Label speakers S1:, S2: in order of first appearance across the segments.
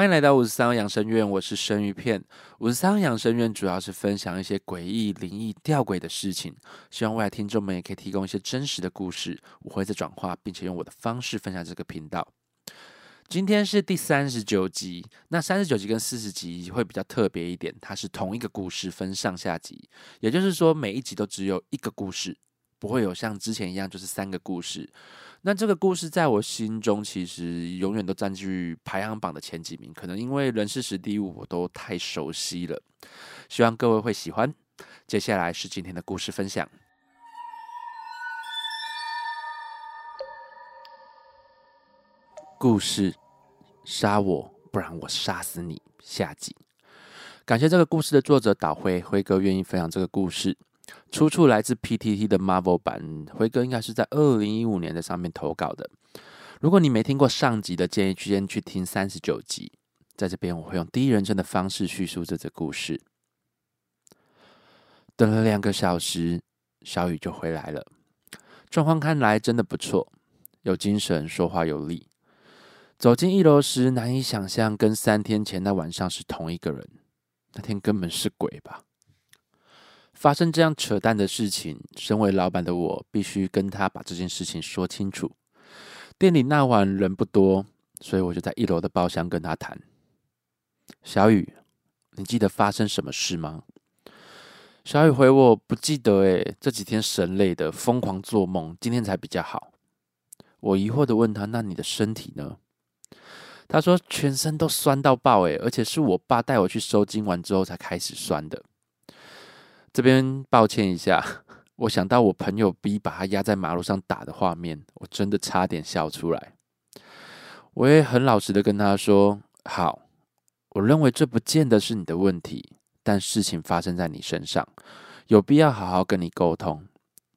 S1: 歡迎來到五十三號養生怨，我是生魚片。五十三號養生怨主要是分享一些詭異、靈異、弔詭的事情，希望未來聽眾們也可以提供一些真實的故事，我會再轉化，並且用我的方式分享這個頻道。今天是第三十九集，那三十九集跟四十集會比較特別一點，它是同一個故事分上下集，也就是說每一集都只有一個故事，不會有像之前一樣就是三個故事。那這個故事在我心中其實永遠都佔據排行榜的前幾名，可能因為人事時第五我都太熟悉了，希望各位會喜歡。接下來是今天的故事分享。故事，殺我，不然我殺死你，下集。感謝這個故事的作者島輝輝哥願意分享這個故事。出處來自 PTT 的 Marvel 版，輝哥應該是在二零一五年的上面投稿的。如果你沒聽過上集的，建議直接去聽三十九集。在這邊我會用第一人稱的方式敘述這則故事。等了兩個小時，小雨就回來了，狀況看來真的不錯，有精神，說話有力。走進一樓時，難以想象跟三天前那晚上是同一個人。那天根本是鬼吧？發生這樣扯淡的事情，身為老板的我必須跟他把這件事情說清楚。店裡那晚人不多，所以我就在一樓的包廂跟他談。小雨，你記得發生什麼事嗎？小雨回我：“不記得誒，這幾天神累的瘋狂做夢，今天才比較好。”我疑惑的問他：“那你的身體呢？”他說：“全身都酸到爆誒，而且是我爸帶我去收驚完之後才開始酸的。”這邊抱歉一下，我想到我朋友 B 把他壓在馬路上打的畫面，我真的差點笑出來。我也很老實的跟他說：“好，我認為這不見得是你的問題，但事情發生在你身上，有必要好好跟你溝通。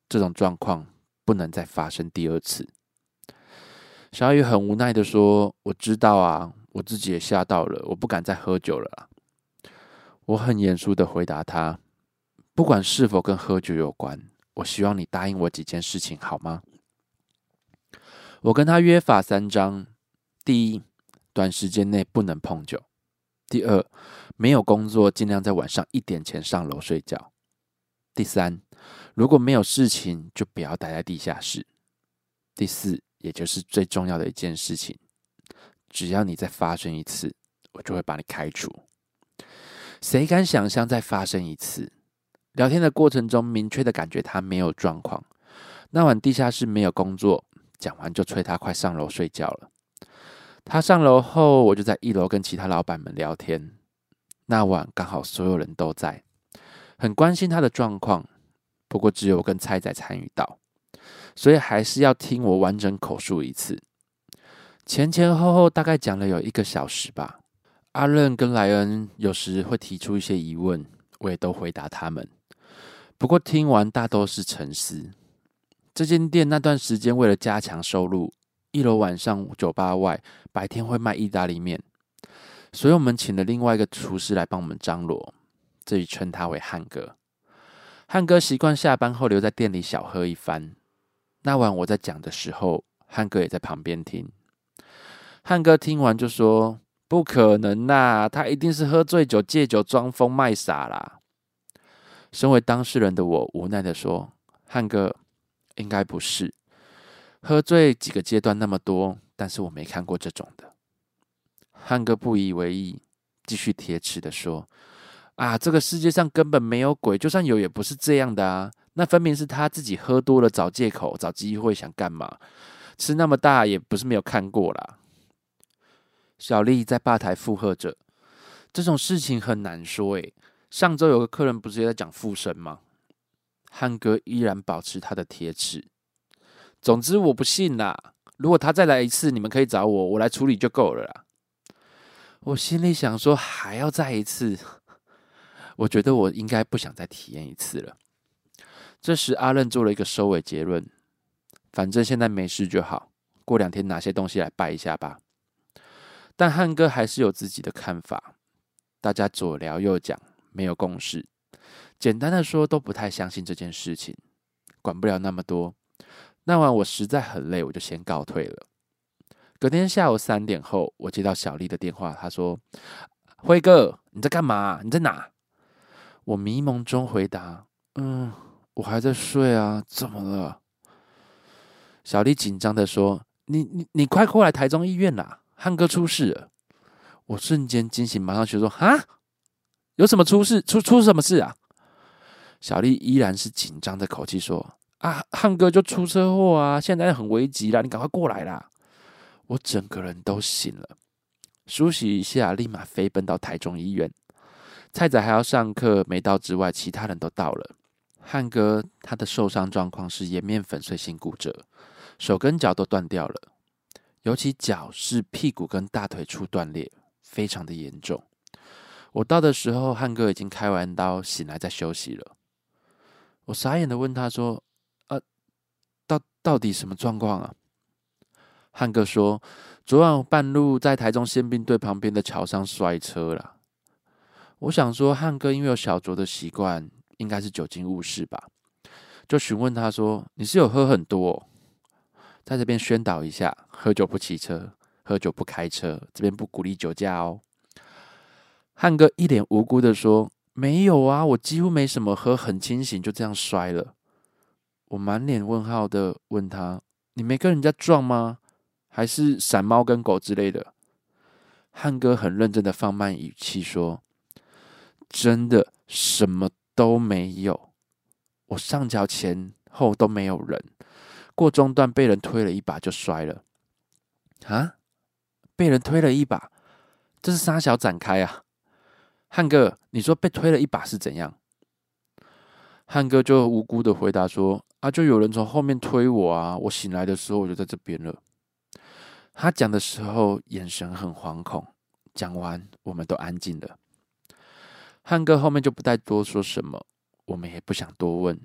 S1: 這種狀況不能再發生第二次。”小雨很無奈的說：“我知道啊，我自己也嚇到了，我不敢再喝酒了啊。”我很嚴肅的回答他。不管是否跟喝酒有關，我希望你答應我幾件事情，好嗎？我跟他約法三章：第一，短時間內不能碰酒；第二，沒有工作儘量在晚上一點前上樓睡覺；第三，如果沒有事情就不要待在地下室；第四，也就是最重要的一件事情，只要你再發生一次，我就會把你開除。誰敢想象再發生一次？聊天的過程中，明確的感覺他沒有狀況。那晚地下室沒有工作，講完就催他快上樓睡覺了。他上樓後，我就在一樓跟其他老板們聊天。那晚剛好所有人都在，很關心他的狀況。不過只有跟菜仔參與到，所以還是要聽我完整口述一次。前前後後大概講了有一個小時吧。阿潤跟萊恩有時會提出一些疑問，我也都回答他們。不過聽完，大都是沉思。這間店那段時間為了加強收入，一樓晚上酒吧外，白天會賣意大利麵，所以我們請了另外一個廚師來幫我們張羅，這裡稱他為漢哥。漢哥習慣下班後留在店裡小喝一番。那晚我在講的時候，漢哥也在旁邊聽。漢哥聽完就說：“不可能啊，他一定是喝醉酒，借酒裝瘋賣傻啦。”身為當事人的我無奈地說：“漢哥，應該不是喝醉幾個階段那麼多，但是我沒看過這種的。”漢哥不以為意，繼續鐵齒地說：“啊，這個世界上根本沒有鬼，就算有，也不是這樣的啊！那分明是他自己喝多了找借口，找機會想幹嘛？吃那麼大也不是沒有看過啦。”小麗在吧台附和着：“這種事情很難說，欸，誒。上周有個客人不是也在講附身嗎？漢哥依然保持他的鐵齒。總之我不信啦，啊。如果他再來一次，你們可以找我，我來處理就夠了啦。我心裡想說還要再一次，我覺得我應該不想再體驗一次了。這時阿任做了一個收尾結論：反正現在沒事就好，過兩天拿些東西來拜一下吧。但漢哥還是有自己的看法，大家左聊右講。沒有共識，簡單的說都不太相信這件事情，管不了那麼多。那晚我實在很累，我就先告退了。隔天下午三點後，我接到小麗的電話，她說：“輝哥，你在幹嘛？你在哪？”我迷濛中回答：“嗯，我還在睡啊。”怎麼了？小麗緊張的說：“你你你快過來台中醫院啦！漢哥出事了！”我瞬間驚醒，馬上就說：“哈？”有什麼出事？出出什麼事啊？小麗依然是緊張的口氣說：“啊，漢哥就出車禍啊，現在很危急啦，你趕快過來啦！”我整個人都醒了，梳洗一下，立馬飛奔到台中醫院。菜仔還要上課沒到之外，其他人都到了。漢哥他的受傷狀況是顏面粉碎性骨折，手跟腳都斷掉了，尤其腳是屁股跟大腿處斷裂，非常的嚴重。我到的時候，漢哥已經開完刀，醒來在休息了。我傻眼的問他說：“啊，到到底什麼狀況啊？”漢哥說：“昨晚我半路在台中憲兵隊旁邊的橋上摔車了。”我想說，漢哥因為有小酌的習慣，應該是酒精誤事吧？就詢問他說：“你是有喝很多哦？在這邊宣導一下，喝酒不騎車，喝酒不開車，這邊不鼓勵酒駕哦。”漢哥一臉無辜的說：“沒有啊，我幾乎沒什麼喝，很清醒，就這樣摔了。”我滿臉問號的問他：“你沒跟人家撞嗎？還是閃貓跟狗之類的？”漢哥很認真的放慢語氣說：“真的什麼都沒有，我上橋前後都沒有人，過中段被人推了一把就摔了。”啊！被人推了一把，真是沙小展開啊！漢哥，你說被推了一把是怎樣？漢哥就無辜的回答說：“啊，就有人從後面推我啊！我醒來的時候我就在這邊了。”他講的時候眼神很惶恐。講完，我們都安靜了。漢哥後面就不再多說什麼，我們也不想多問，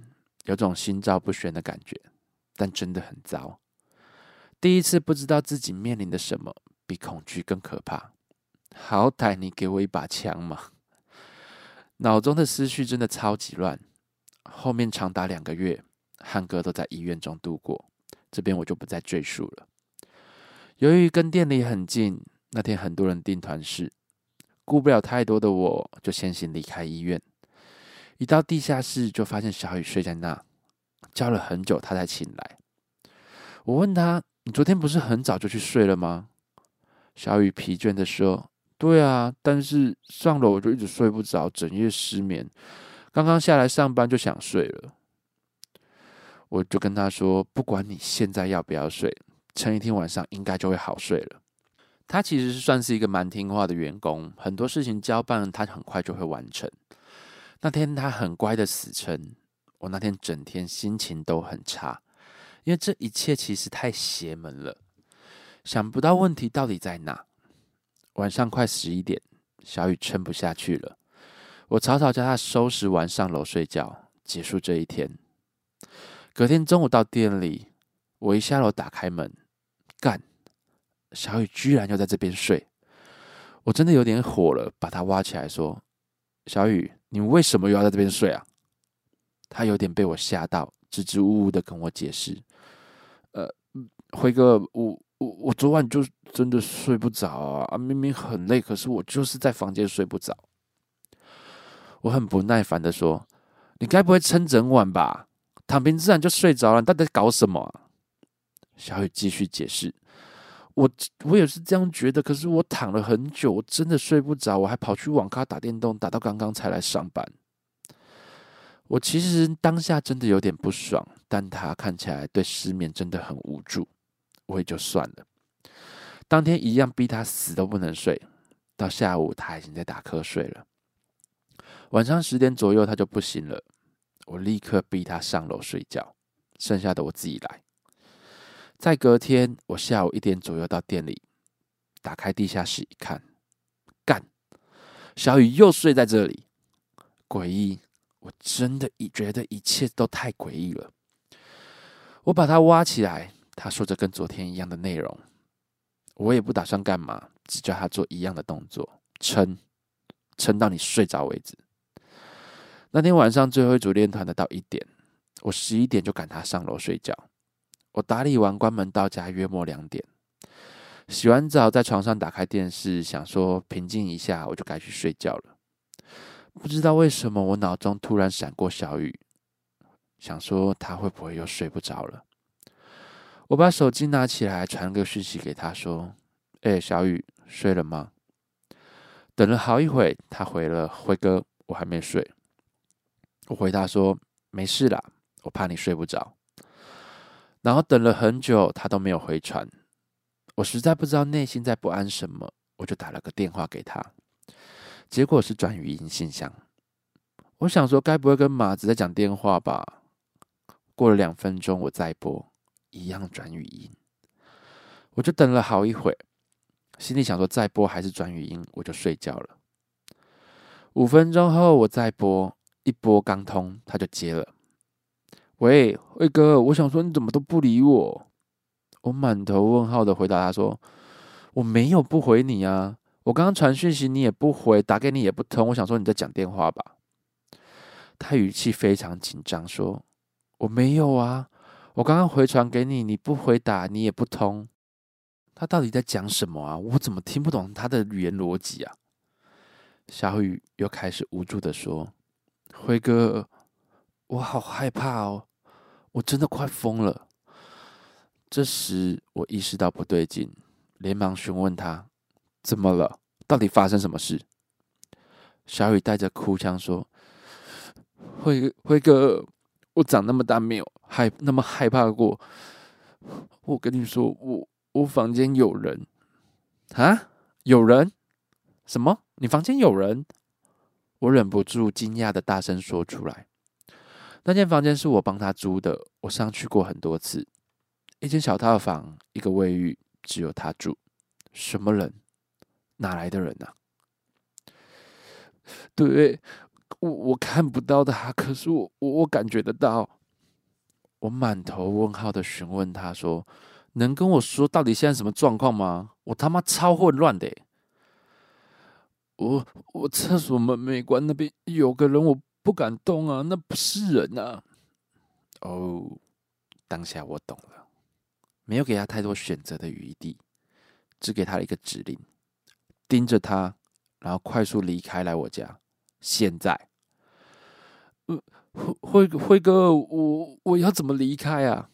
S1: 有種心照不宣的感覺。但真的很糟，第一次不知道自己面臨的什麼，比恐懼更可怕。好歹你給我一把槍嘛！腦中的思緒真的超級亂，後面長達兩個月，漢哥都在醫院中度過，這邊我就不再贅述了。由於跟店裡很近，那天很多人訂團室，顧不了太多的，我就先行離開醫院。一到地下室，就發現小雨睡在那，叫了很久他才醒來。我問他：“你昨天不是很早就去睡了嗎？”小雨疲倦的說。對啊，但是上樓我就一直睡不着，整夜失眠。剛剛下來上班就想睡了，我就跟他說，不管你現在要不要睡，撐一天晚上應該就會好睡了。他其實是算是一個蠻聽話的員工，很多事情交辦了他很快就會完成。那天他很乖的死撐。我那天整天心情都很差，因為這一切其實太邪門了，想不到問題到底在哪。晚上快十一點，小雨撐不下去了。我草草叫他收拾完上樓睡覺，結束這一天。隔天中午到店裡，我一下樓打開門，幹，小雨居然又在這邊睡。我真的有點火了，把他挖起來說：“小雨，你為什麼又要在這邊睡啊？”他有點被我嚇到，支支吾吾的跟我解釋：“呃，輝哥，我……”我我昨晚就真的睡不着啊，明明很累，可是我就是在房間睡不着。我很不耐煩地說：“你該不會撐整晚吧？躺平自然就睡着了，你到底搞什麼？”小雨繼續解釋：“我我也是這樣覺得，可是我躺了很久，我真的睡不着，我還跑去網咖打電動，打到剛剛才來上班。我其實當下真的有點不爽，但他看起來對失眠真的很無助。”我也就算了，當天一樣逼他死都不能睡，到下午他已經在打瞌睡了。晚上十點左右他就不行了，我立刻逼他上樓睡覺，剩下的我自己來。在隔天，我下午一點左右到店裡，打開地下室一看，幹，小雨又睡在這裡，詭異！我真的覺得一切都太詭異了。我把他挖起來。他說着跟昨天一樣的內容，我也不打算幹嘛，只叫他做一樣的動作，撐，撐到你睡着為止。那天晚上最後一組練團的到一點，我十一點就趕他上樓睡覺。我打理完關門到家約莫兩點，洗完澡在床上打開電視，想說平靜一下，我就該去睡覺了。不知道為什麼我腦中突然閃過小雨，想說他會不會又睡不着了。我把手機拿起來，傳個訊息給他，說：“哎、欸，小雨睡了嗎？”等了好一會，他回了：“輝哥，我還沒睡。”我回他說：“沒事啦，我怕你睡不着。”然後等了很久，他都沒有回傳。我實在不知道內心在不安什麼，我就打了個電話給他，結果是轉語音信箱。我想說，該不會跟馬子在講電話吧？過了兩分鐘，我再撥。一樣轉語音，我就等了好一會，心裡想說，再撥還是轉語音，我就睡覺了。五分鐘後我再撥，一撥剛通他就接了。喂，魏哥，我想說你怎麼都不理我？我滿頭問號的回答他說：“我沒有不回你啊，我剛剛傳訊息你也不回，打給你也不通。我想說你在講電話吧。”他語氣非常緊張說：“我沒有啊。”我剛剛回傳給你，你不回答，你也不通。他到底在講什麼啊？我怎麼聽不懂他的語言邏輯啊？小雨又開始無助的說：“輝哥，我好害怕哦，我真的快瘋了。”這時我意識到不對勁，連忙詢問他：“怎麼了？到底發生什麼事？”小雨帶着哭腔說：“輝輝哥，我長那麼大沒有。”害那麼害怕過？我跟你說，我我房間有人啊。有人？什麼？你房間有人？我忍不住驚訝的大聲說出來。那間房間是我幫他租的，我上去過很多次。一間小套房，一個衛浴，只有他住。什麼人？哪來的人啊？對，我我看不到他，可是我我，我感覺得到。我滿頭問號的詢問他說：“能跟我說到底現在什麼狀況嗎？我他媽超混亂的。哦！我我廁所門沒關，那邊有個人，我不敢動啊，那不是人啊！哦，當下我懂了，沒有給他太多選擇的餘地，只給他一個指令：盯着他，然後快速離開來我家。現在，呃輝輝哥，我我要怎麼離開啊？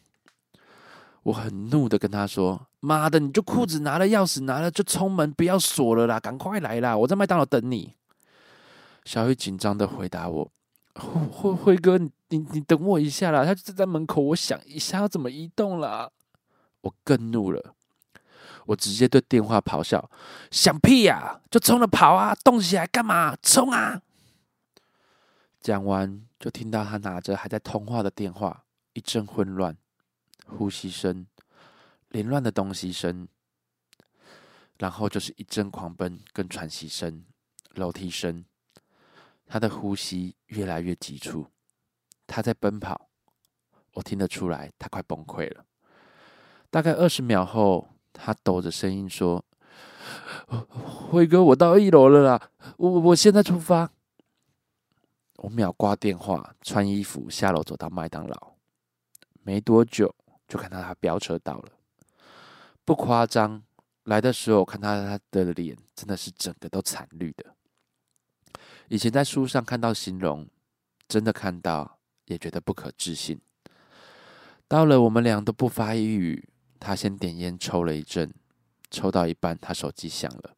S1: 我很怒的跟他說：“媽的，你就褲子拿了，鑰匙拿了，就衝門，不要鎖了啦，趕快來啦，我在麥當勞等你。”小雨緊張的回答我：“輝輝哥，你你,你等我一下啦，他就站在門口，我想一下要怎麼移動啦。”我更怒了，我直接對電話咆哮：“想屁呀、啊，就衝了跑啊，動起來幹嘛？衝啊！”講完，就聽到他拿着還在通話的電話，一陣混亂，呼吸聲、凌亂的東西聲，然後就是一陣狂奔跟喘息聲、樓梯聲。他的呼吸越來越急促，他在奔跑，我聽得出來，他快崩潰了。大概二十秒後，他抖着聲音說：“輝哥，我到一樓了啦，我我現在出發。”五秒掛電話，穿衣服下樓走到麥當勞，沒多久就看到他飆車到了。不誇張，來的時候我看到他的臉真的是整個都慘綠的。以前在書上看到形容，真的看到也覺得不可置信。到了，我們倆都不發一語，他先點菸抽了一陣，抽到一半，他手機響了，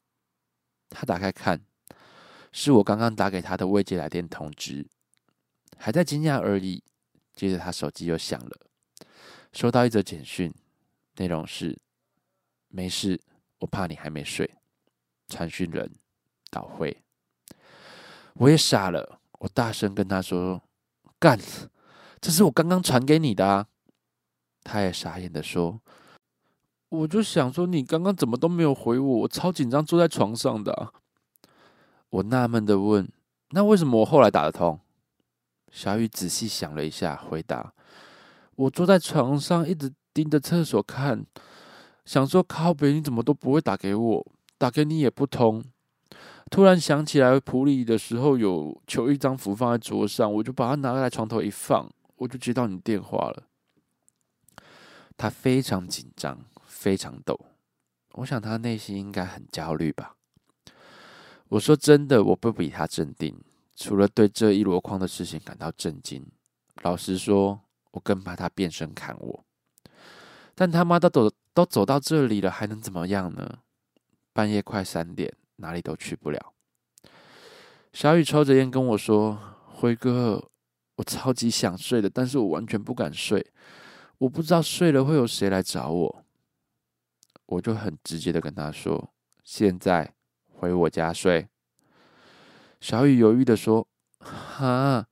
S1: 他打開看。是我剛剛打給他的未接來電通知，還在驚訝而已。接着他手機又響了，收到一則簡訊，內容是：沒事，我怕你還沒睡。傳訊人：倒會。我也傻了，我大聲跟他說：幹，這是我剛剛傳給你的啊。他也傻眼的說：我就想說你剛剛怎麼都沒有回我，我超緊張，坐在床上的啊。我納悶的問：“那為什麼我後來打得通？”小雨仔細想了一下，回答：“我坐在床上，一直盯着廁所看，想說靠北，你怎麼都不會打給我，打給你也不通。突然想起來，普里的時候有求一張符放在桌上，我就把它拿來床頭一放，我就接到你電話了。”他非常緊張，非常抖。我想他內心應該很焦慮吧。我說真的，我不比他鎮定，除了對這一籮筐的事情感到震驚，老實說，我更怕他變身砍我。但他媽都走都走到這裡了，還能怎麼樣呢？半夜快三點，哪裡都去不了。小雨抽着煙跟我說：“輝哥，我超級想睡的，但是我完全不敢睡，我不知道睡了會有誰來找我。”我就很直接的跟他說：“現在。”回我家睡。小雨猶豫的說：“哈，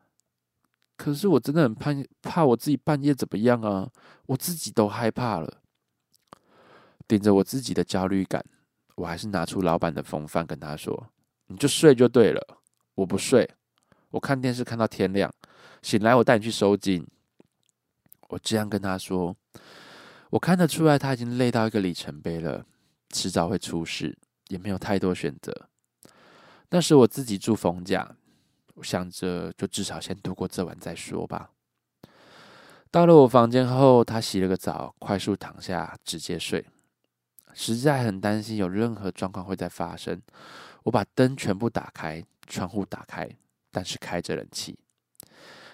S1: 可是我真的很怕，怕我自己半夜怎麼樣啊？我自己都害怕了。”頂着我自己的焦慮感，我還是拿出老板的風範跟他說：“你就睡就對了，我不睡，我看電視看到天亮，醒來我帶你去收驚。”我這樣跟他說，我看得出來他已經累到一個里程碑了，遲早會出事。也沒有太多選擇。那時我自己住逢甲，我想着就至少先度過這晚再說吧。到了我房間後，他洗了個澡，快速躺下，直接睡。實在很擔心有任何狀況會再發生，我把燈全部打開，窗戶打開，但是開着冷氣，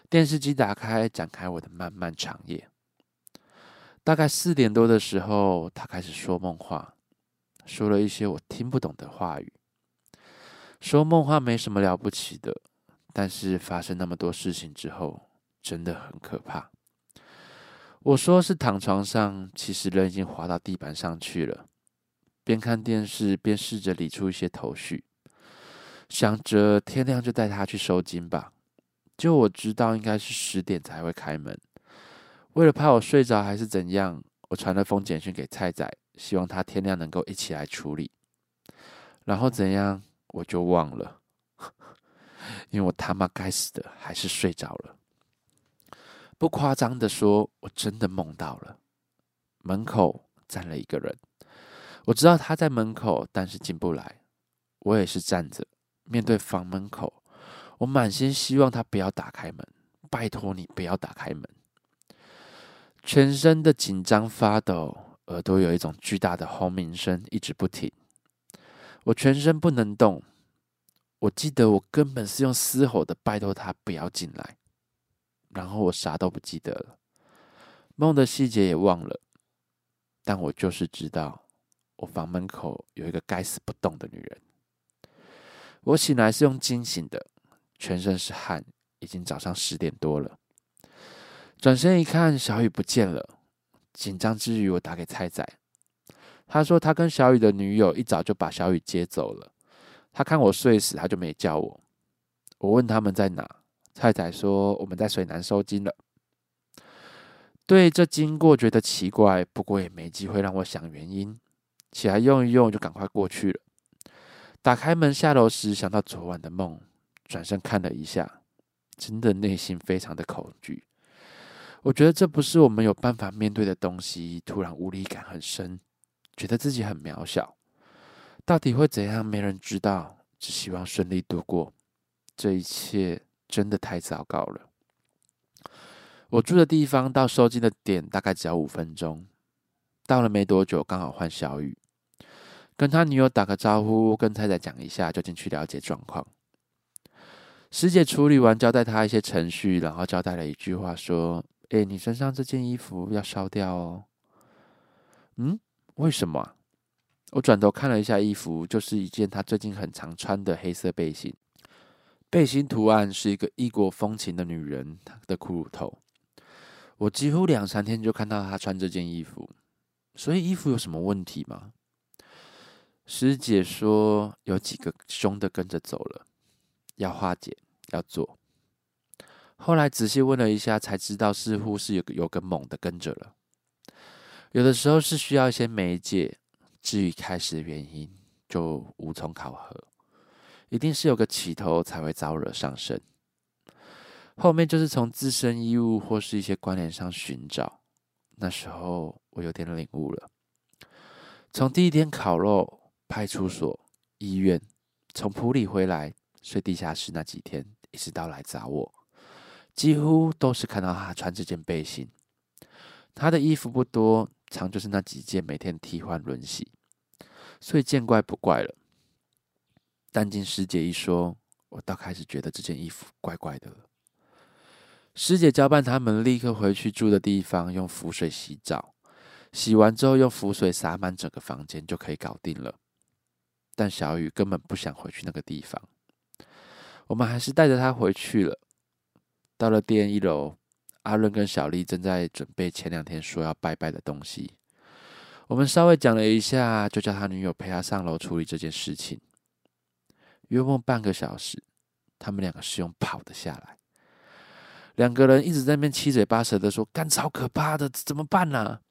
S1: 電視機打開，展開我的漫漫長夜。大概四點多的時候，他開始說夢話。說了一些我聽不懂的話語。說夢話沒什麼了不起的，但是發生那麼多事情之後，真的很可怕。我說是躺床上，其實人已經滑到地板上去了。邊看電視邊試着理出一些頭緒，想着天亮就帶他去收驚吧。就我知道，應該是十點才會開門。為了怕我睡着還是怎樣，我傳了封簡訊給菜仔。希望他天亮能夠一起來處理，然後怎樣我就忘了，因為我他媽該死的還是睡着了。不誇張的說，我真的夢到了。門口站了一個人，我知道他在門口，但是進不來。我也是站着，面對房門口，我滿心希望他不要打開門，拜托你不要打開門，全身的緊張發抖。耳朵有一種巨大的轟鳴聲，一直不停。我全身不能動。我記得我根本是用嘶吼的，拜托他不要進來。然後我啥都不記得了，夢的細節也忘了。但我就是知道，我房門口有一個該死不動的女人。我醒來是用驚醒的，全身是汗，已經早上十點多了。轉身一看，小雨不見了。緊張之餘，我打給蔡仔，他說他跟小雨的女友一早就把小雨接走了。他看我睡死，他就沒叫我。我問他們在哪？蔡仔說我們在水南收驚了。對，這經過覺得奇怪，不過也沒機會讓我想原因。起來用一用，就趕快過去了。打開門下樓時，想到昨晚的夢，轉身看了一下，真的內心非常的恐懼。我覺得這不是我們有辦法面對的東西。突然無力感很深，覺得自己很渺小。到底會怎樣？沒人知道。只希望順利度過。這一切真的太糟糕了。我住的地方到收金的點大概只要五分鐘。到了沒多久，剛好換小雨，跟他女友打個招呼，跟太太講一下，就進去了解狀況。師姐處理完，交代他一些程序，然後交代了一句話說。哎、欸，你身上這件衣服要燒掉哦。嗯，為什麼？我轉頭看了一下衣服，就是一件他最近很常穿的黑色背心。背心圖案是一個異國風情的女人的骷髏頭。我幾乎兩三天就看到他穿這件衣服，所以衣服有什麼問題嗎？師姐說有幾個凶的跟着走了，要化解，要做。後來仔細問了一下，才知道似乎是有個有個猛的跟着了。有的時候是需要一些媒介，至於開始的原因就無從考核，一定是有個起頭才會招惹上身。後面就是從自身衣物或是一些關聯上尋找。那時候我有點領悟了。從第一天烤肉、派出所、醫院，從埔里回來睡地下室那幾天，一直到來找我。幾乎都是看到他穿這件背心，他的衣服不多，常就是那幾件，每天替換輪洗，所以見怪不怪了。但經師姐一說，我倒開始覺得這件衣服怪怪的了。師姐、交辦他們立刻回去住的地方，用符水洗澡，洗完之後用符水灑滿整個房間，就可以搞定了。但小雨根本不想回去那個地方，我們還是帶着他回去了。到了店一樓，阿倫跟小麗正在準備前兩天說要拜拜的東西。我們稍微講了一下，就叫他女友陪他上樓處理這件事情。約莫半個小時，他們兩個是用跑的下來。兩個人一直在那邊七嘴八舌的說：“幹，超可怕的，怎麼辦呢、啊？”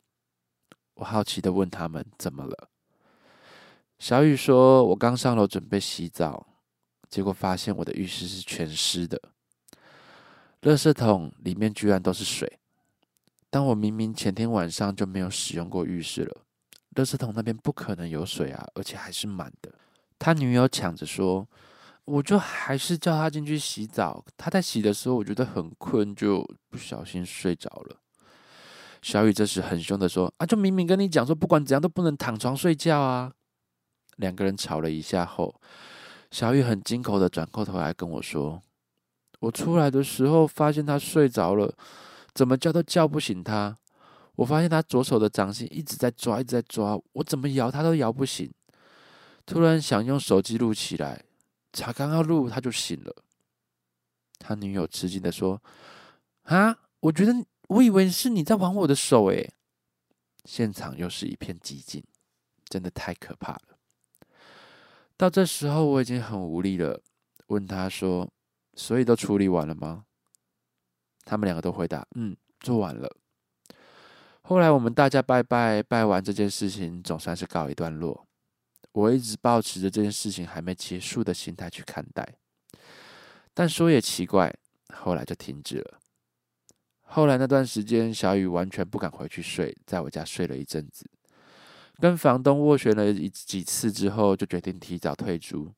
S1: 我好奇的問他們怎麼了。小雨說：“我剛上樓準備洗澡，結果發現我的浴室是全濕的。”垃圾桶裡面居然都是水！但我明明前天晚上就沒有使用過浴室了，垃圾桶那邊不可能有水啊，而且還是滿的。他女友搶着說：“我就還是叫他進去洗澡。他在洗的時候，我覺得很困，就不小心睡着了。”小雨這時很凶的說：“啊，就明明跟你講說，不管怎樣都不能躺床睡覺啊！”兩個人吵了一下後，小雨很驚恐的轉過頭來跟我說。我出來的時候，發現他睡着了，怎麼叫都叫不醒他。我發現他左手的掌心一直在抓，一直在抓，我怎麼搖他都搖不醒。突然想用手機錄起來，才剛剛錄他就醒了。他女友吃驚的說：“啊，我覺得我以為是你在玩我的手誒。”現場又是一片寂靜，真的太可怕了。到這時候我已經很無力了，問他說。所以都處理完了嗎？他們兩個都回答：“嗯，做完了。”後來我們大家拜拜，拜完這件事情，總算是告一段落。我一直抱持着這件事情還沒結束的心態去看待，但說也奇怪，後來就停止了。後來那段時間，小雨完全不敢回去睡，在我家睡了一陣子，跟房東斡旋了幾幾次之後，就決定提早退租。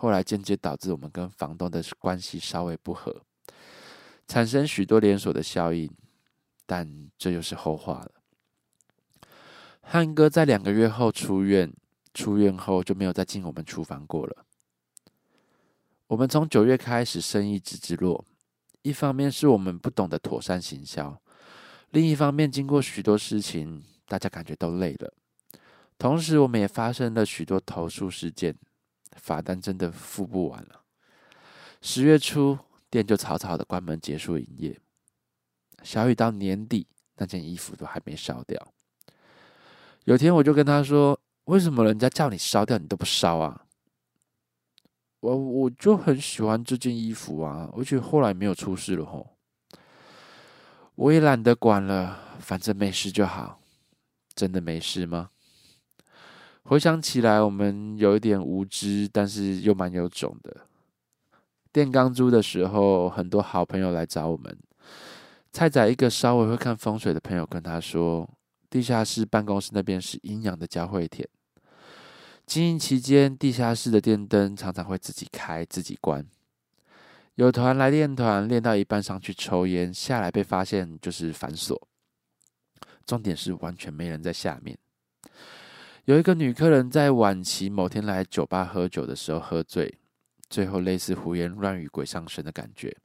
S1: 後來間接導致我們跟房東的關係稍微不和，產生許多連鎖的效應，但這又是後話了。漢哥在兩個月後出院，出院後就沒有再進我們廚房過了。我們從九月開始生意直直落，一方面是我們不懂得妥善行銷，另一方面經過許多事情，大家感覺都累了。同時，我們也發生了許多投訴事件。罰單真的付不完了，十月初店就草草的關門結束營業。小雨到年底那件衣服都還沒燒掉。有天我就跟他說：“為什麼人家叫你燒掉你都不燒啊？”我我就很喜歡這件衣服啊，而且後來沒有出事了吼，我也懶得管了，反正沒事就好。真的沒事嗎？回想起來，我們有一點無知，但是又蠻有種的。店剛租的時候，很多好朋友來找我們。菜仔，一個稍微會看風水的朋友跟他說，地下室辦公室那邊是陰陽的交匯點。經營期間，地下室的電燈常常會自己開自己關。有團來練團，練到一半上去抽菸，下來被發現就是反鎖。重點是完全沒人在下面。有一個女客人在晚期某天來酒吧喝酒的時候喝醉，最後類似胡言亂語、鬼上身的感覺，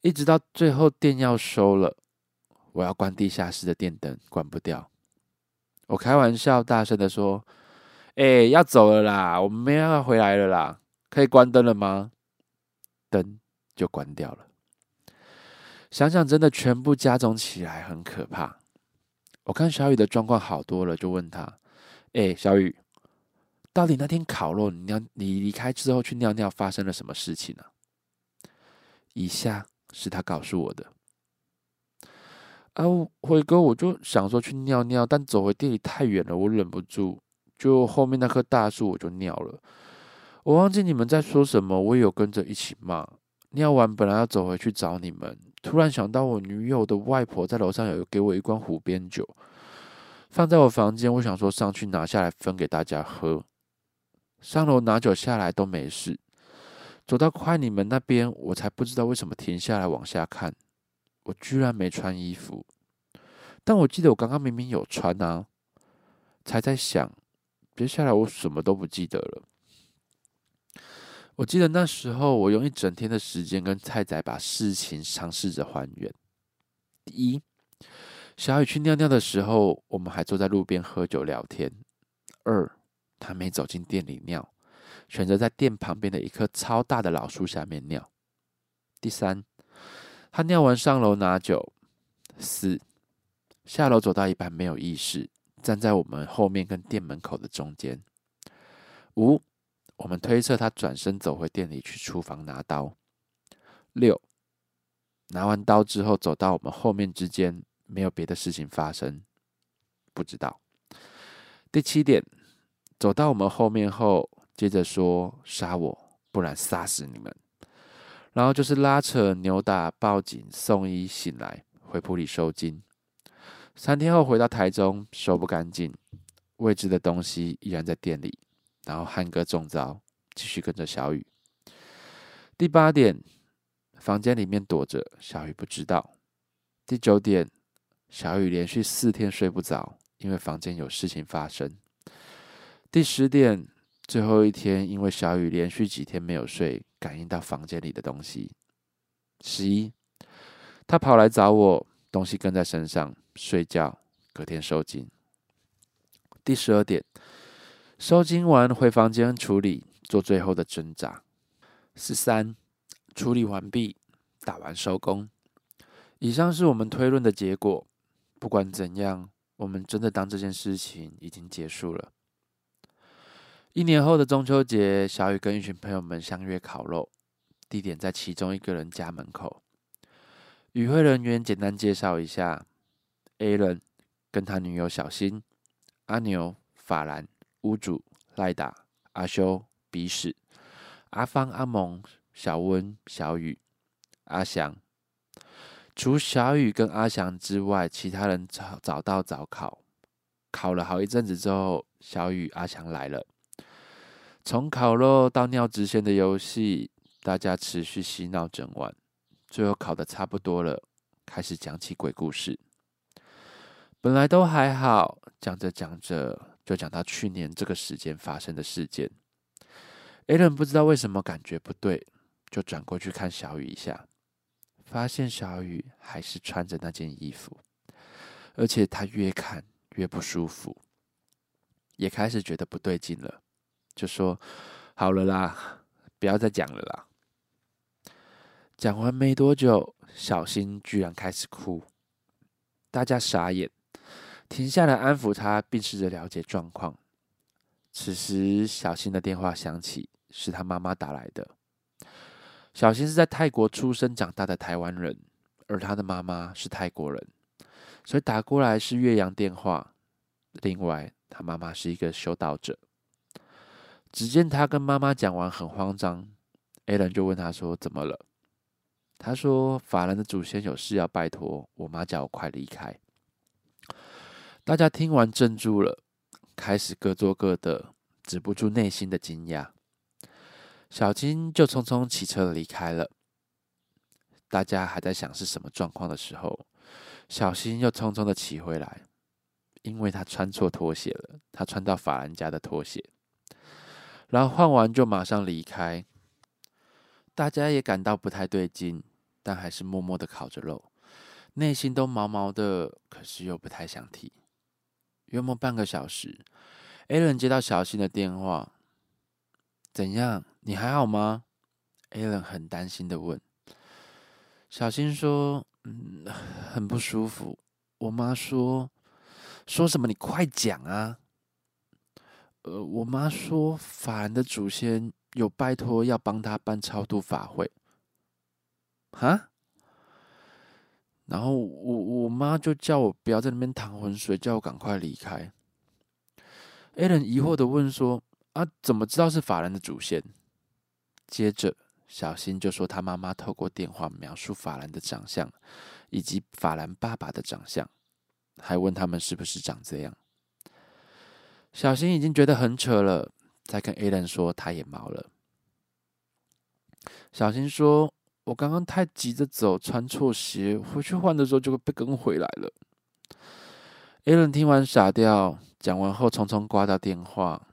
S1: 一直到最後店要收了，我要關地下室的電燈，關不掉。我開玩笑大聲地說：“哎、欸，要走了啦，我們沒辦法回來了啦，可以關燈了嗎？”燈就關掉了。想想真的全部加總起來很可怕。我看小雨的狀況好多了，就問她。哎、欸，小雨，到底那天烤肉你，你要，你離開之後去尿尿，發生了什麼事情呢、啊？以下是他告訴我的。啊，輝哥，我就想說去尿尿，但走回店裡太遠了，我忍不住，就後面那棵大樹我就尿了。我忘記你們在說什麼，我也有跟着一起罵。尿完本來要走回去找你們，突然想到我女友的外婆在樓上有給我一罐虎鞭酒。放在我房間，我想說上去拿下來分給大家喝。上樓拿酒下來都沒事，走到快你們那邊，我才不知道為什麼停下來往下看。我居然沒穿衣服，但我記得我剛剛明明有穿啊。才在想，接下來我什麼都不記得了。我記得那時候，我用一整天的時間跟菜仔把事情嘗試着還原。第一。小雨去尿尿的時候，我們還坐在路邊喝酒聊天。二，他沒走進店裡尿，選擇在店旁邊的一棵超大的老樹下面尿。第三，他尿完上樓拿酒。四，下樓走到一半沒有意識，站在我們後面跟店門口的中間。五，我們推測他轉身走回店裡去廚房拿刀。六，拿完刀之後走到我們後面之間。沒有別的事情發生，不知道。第七點，走到我們後面後，接着說：“殺我，不然殺死你們。”然後就是拉扯、扭打、報警、送醫、醒來、回埔里收驚。三天後回到台中，收不乾淨，未知的東西依然在店裡。然後漢哥中招，繼續跟着小雨。第八點，房間裡面躲着，小雨不知道。第九點。小雨連續四天睡不着，因為房間有事情發生。第十點，最後一天，因為小雨連續幾天沒有睡，感應到房間裡的東西。十一，他跑來找我，東西跟在身上，睡覺，隔天收驚。第十二點，收驚完回房間處理，做最後的掙扎。十三，處理完畢，打完收工。以上是我們推論的結果。不管怎樣，我們真的當這件事情已經結束了。一年後的中秋節，小雨跟一群朋友們相約烤肉，地點在其中一個人家門口。與會人員簡單介紹一下：Alan 跟他女友小新、阿牛、法蘭、屋主、賴達、阿修、鼻屎、阿芳、阿蒙、小溫、小雨、阿翔。除小雨跟阿翔之外，其他人早找，找到早烤，烤了好一陣子之後，小雨、阿翔來了。從烤肉到尿直線的遊戲，大家持續嬉鬧整晚，最後烤得差不多了，開始講起鬼故事。本來都還好，講着講着就講到去年這個時間發生的事件。Alan 不知道為什麼感覺不對，就轉過去看小雨一下。發現小雨還是穿着那件衣服，而且他越看越不舒服，也開始覺得不對勁了，就說：“好了啦，不要再講了啦。”講完沒多久，小新居然開始哭，大家傻眼，停下來安撫他，並試着了解狀況。此時，小新的電話響起，是他媽媽打來的。小新是在泰國出生長大的台灣人，而他的媽媽是泰國人，所以打過來是越洋電話。另外，他媽媽是一個修道者。只見他跟媽媽講完，很慌張。艾倫就問他說：“怎麼了？”他說：“法蘭的祖先有事要拜託我媽，叫我快離開。”大家聽完，怔住了，開始各做各的，止不住內心的驚訝。小金就匆匆騎車離開了。大家還在想是什麼狀況的時候，小新又匆匆的騎回來，因為他穿錯拖鞋了，他穿到法蘭家的拖鞋，然後換完就馬上離開。大家也感到不太對勁，但還是默默的烤着肉，內心都毛毛的，可是又不太想提。約莫半個小時，艾倫接到小新的電話，怎樣？你還好嗎？Alan 很擔心的問。小新說：“嗯，很不舒服。”我媽說：“說什麼？你快講啊！”呃，我媽說法蘭的祖先有拜託要幫他辦超度法會。哈、啊？然後我我媽就叫我不要在那邊淌渾水，叫我趕快離開。Alan 疑惑的問說：“啊，怎麼知道是法蘭的祖先？”接着，小新就說他媽媽透過電話描述法蘭的長相，以及法蘭爸爸的長相，還問他們是不是長這樣。小新已經覺得很扯了，再跟艾倫說他也毛了。小新說：“我剛剛太急着走，穿錯鞋，回去換的時候就會被跟回來了。”艾倫聽完傻掉，講完後匆匆掛掉電話，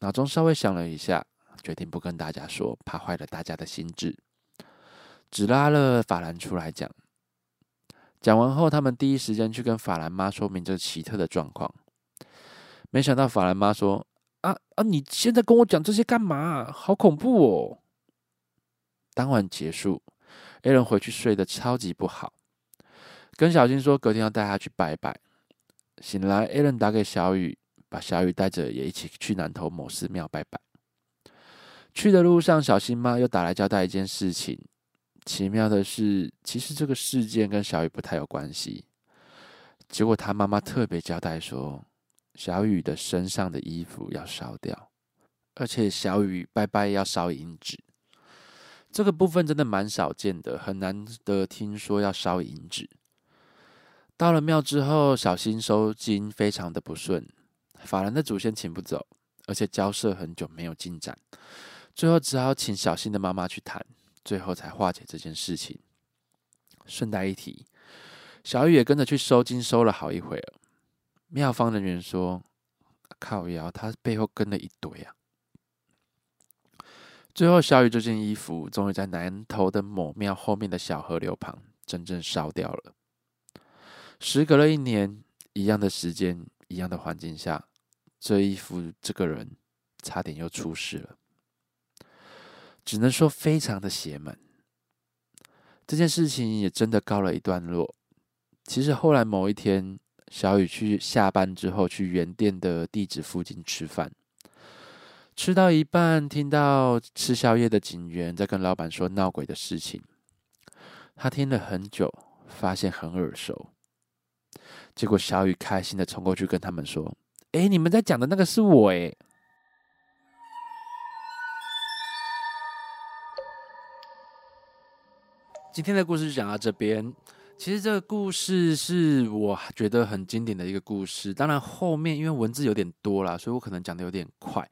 S1: 腦中稍微想了一下。決定不跟大家說，怕壞了大家的心智，只拉了法蘭出來講。講完後，他們第一時間去跟法蘭媽說明這奇特的狀況。沒想到法蘭媽說：“啊啊，你現在跟我講這些幹嘛？好恐怖哦！”當晚結束，艾倫回去睡得超級不好，跟小金說隔天要帶他去拜拜。醒來，艾倫打給小雨，把小雨帶着也一起去南投某寺廟拜拜。去的路上，小新媽又打來交代一件事情。奇妙的是，其實這個事件跟小雨不太有關係。結果他媽媽特別交代說，小雨的身上的衣服要燒掉，而且小雨拜拜要燒銀紙。這個部分真的蠻少見的，很難得聽說要燒銀紙。到了廟之後，小新收驚非常的不順，法人的祖先請不走，而且交涉很久沒有進展。最後只好請小新的媽媽去談，最後才化解這件事情。順帶一提，小雨也跟着去收金，收了好一會兒。廟方人員說：“靠腰，他背後跟了一堆啊。”最後，小雨這件衣服終於在南投的某廟後面的小河流旁真正燒掉了。時隔了一年，一樣的時間，一樣的環境下，這衣服這個人差點又出事了。只能說非常的邪門。這件事情也真的告了一段落。其實後來某一天，小雨去下班之後，去原店的地址附近吃飯，吃到一半，聽到吃宵夜的警員在跟老闆說鬧鬼的事情。他聽了很久，發現很耳熟。結果小雨開心地衝過去跟他們說：“哎，你們在講的那個是我哎。”今天的故事就講到這邊。其實這個故事是我覺得很經典的一個故事。當然後面因為文字有點多啦，所以我可能講得有點快。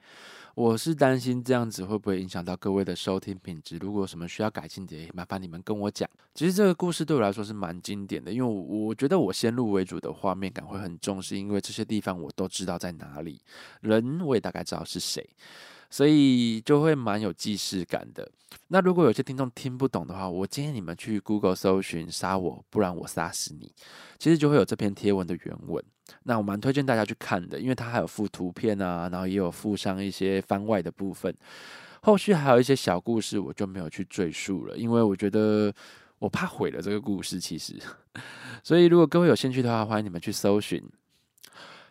S1: 我是擔心這樣子會不會影響到各位的收聽品質。如果有什麼需要改進的，也麻煩你們跟我講。其實這個故事對我來說是蠻經典的，因為我覺得我先入為主的畫面感會很重，是因為這些地方我都知道在哪裡，人我也大概知道是誰。所以就會蠻有既視感的。那如果有些聽眾聽不懂的話，我建議你們去 Google 搜尋“殺我”，不然我殺死你。其實就會有這篇貼文的原文。那我蠻推薦大家去看的，因為它還有附圖片啊，然後也有附上一些番外的部分。後續還有一些小故事，我就沒有去贅述了，因為我覺得我怕毀了這個故事。其實，所以如果各位有興趣的話，歡迎你們去搜尋。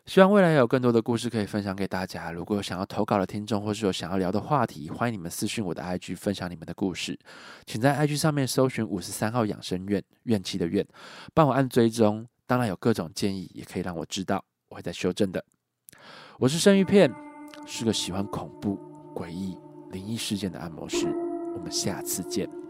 S1: 希望未來有更多的故事可以分享給大家。如果有想要投稿的聽眾，或是有想要聊的話題，歡迎你們私訊我的 IG，分享你們的故事。請在 IG 上面搜尋五十三號養生怨，怨氣的怨，幫我按追蹤。當然有各種建議，也可以讓我知道，我會再修正的。我是生魚片，是個喜歡恐怖、詭異、靈異事件的按摩師。我們下次見。